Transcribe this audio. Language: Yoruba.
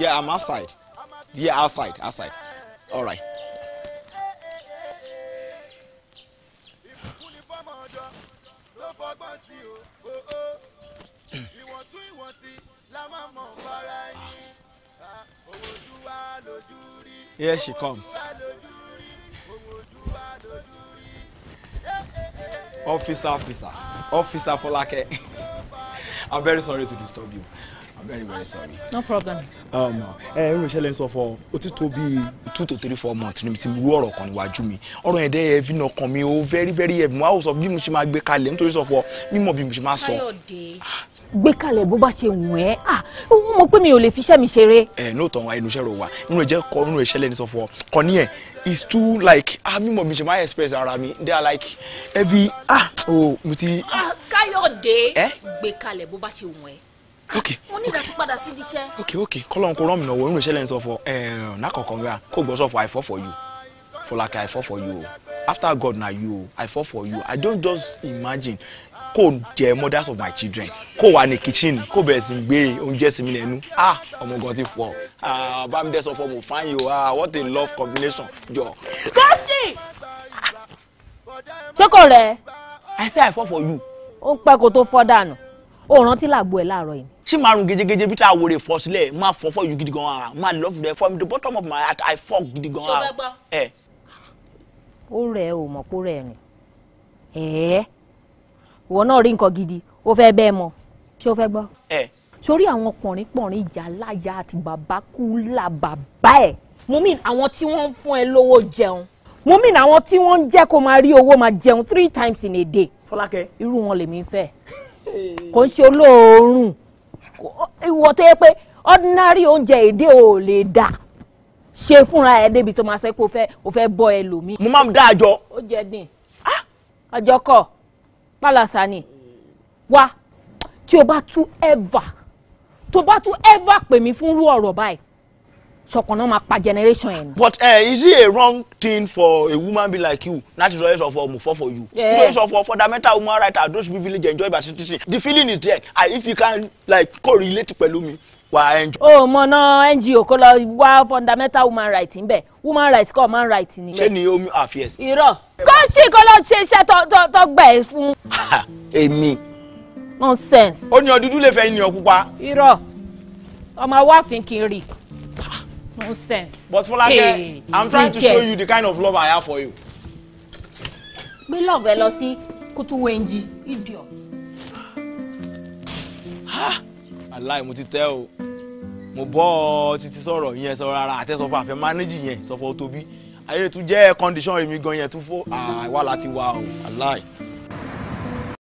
Yeah, I'm outside. Yeah, outside, outside. All right. Here she comes. Officer, officer, officer Folake. I'm very sorry to disturb you very very sorry. No problem. Um, eh, ẹ ń rìnṣẹ́ lẹ́yìn sọ fọ o ti tó bíi. two to three four months ni mi ti ru ọ̀rọ̀ kan níwájú mi ọ̀rọ̀ yẹn dẹ́ ẹ̀fín ọkàn mi o very very heavy mo á sọ bí mo ṣe máa gbé kalẹ̀ nítorí sọ fọ mímọ̀ bí mo ṣe máa sọ. káyọ̀dé gbé kalẹ̀ bó bá ṣe wù ẹ́ ó mọ̀ pé mi ò lè fi iṣẹ́ mi ṣeré. ẹ ní òótọ́ wa inú iṣẹ́ rẹ̀ nínú ìjẹ́ kọ nínú ìṣẹ́ lẹ́ni sọ fún kọ ní ẹ̀ it's too like ah mi mọ̀ mi ṣe máa express ara mi they are like every ah oh mo ti. Ah. Káyọ̀dé gbé kalẹ̀ bó bá ṣe wù ẹ́ ok mo ní ìdàtí padà sí di iṣẹ́. ok ok kọ́lọ́n kó rán mi lọ́wọ́ nínú iṣẹ́ lẹ́yìn sọ́fọ́ ẹ̀ẹ́n eh, nákọ̀ọ̀kan rẹ̀ kó gbọ́ sọ́fọ́ I fall for you Fọlákẹ́ I fall for you after God na you I fall for you I don't just imagine kó jẹ mothers of my children kó wà ní kitchen kó bẹ̀rẹ̀ sí gbé oúnjẹ sí mi lẹ́nu ah ọmọ gan ti fọ ah bámidé sọ fọ mo fáyìn o ah what a love combination jọ. kọ́sì ah. ṣé kò rẹ̀. I say I fall for you. ó pẹ́ kó tó fọ́ dànù o rántí làgbo ẹ̀ láàárọ̀ yìí. tí màá rún gẹ́gẹ́gẹ́ bí tá a wòlé fọ sílẹ̀ máa fọ fọ ju gidi gan ara máa lọ fún ẹ fọ mi the bottom of my heart i fọ gidi gan ara. ó rẹ̀ ò mọ̀ kó rẹ̀ rìn ẹ̀ẹ́ ìwọ náà rí nǹkan gidi ó fẹ́ bẹ́ẹ̀ mọ ṣé ó fẹ́ gbọ́. sórí àwọn ọkùnrin pọ̀nrín ìyá láyà àti bàbá kú là bàbá ẹ̀ mo mean àwọn tí wọ́n ń fún ẹ lówó jẹun mo mean àwọn tí wọ́n ń jẹ́ kó máa rí owó máa jẹun three times in a day. fọlákẹ́ irú wọn lèmi fẹ́ kò ń ṣe olóòórùn ìwọ tó yẹ pé ordinary oúnjẹ èdè ò lè dà ṣe fúnra ẹ débi tó máa ṣe pé o fẹ́ o fẹ́ bọ́ ẹ lòmíì. mo máa ń dá àjọ. ó jẹ dín àjọ kọ pálásà ni wá tí o bá tún ever tó bá tún ever pè mí fún irú ọ̀rọ̀ báyìí sọkàn máa pa generation yẹn. but uh, is it a wrong thing for a woman be like you láti sọ yẹsọ for ọmọfọ for you. nítorí sọ for fundamental human right and those village enjoy by citizen the feeling is there and if you can like correlate pẹ̀lú mi wà á enjoy. o mọ náà ngo kó lọ wá fundamental human right ń bẹ woman right kọ́ man right ni. ṣé ni omi affairs. Ah, irọ́ kọ́ńtì kó lọ ṣe iṣẹ́ tó gbà ẹ́ fún. èmi. nonsense. ó ní ọdún dúdú lè fẹ́ ní ọkùpa. irọ́ ọmọ awáfin kiri nonsense. but Folake hey, i'm trying to show you the kind of love i have for you. gbé love ẹ lọ sí kutuwenji idiot. aláì mo ti tẹ́ o mo bọ́ ọ títí sọ̀rọ̀ yẹn sọ rárá àtẹ́sọ̀fọ̀ àfẹ́ mánéjì yẹn sọ̀fọ̀ tóbi ayé tún jẹ́ condition rẹ̀ mi gan yẹn tún fọ́ ah, àwa láti wà o aláì.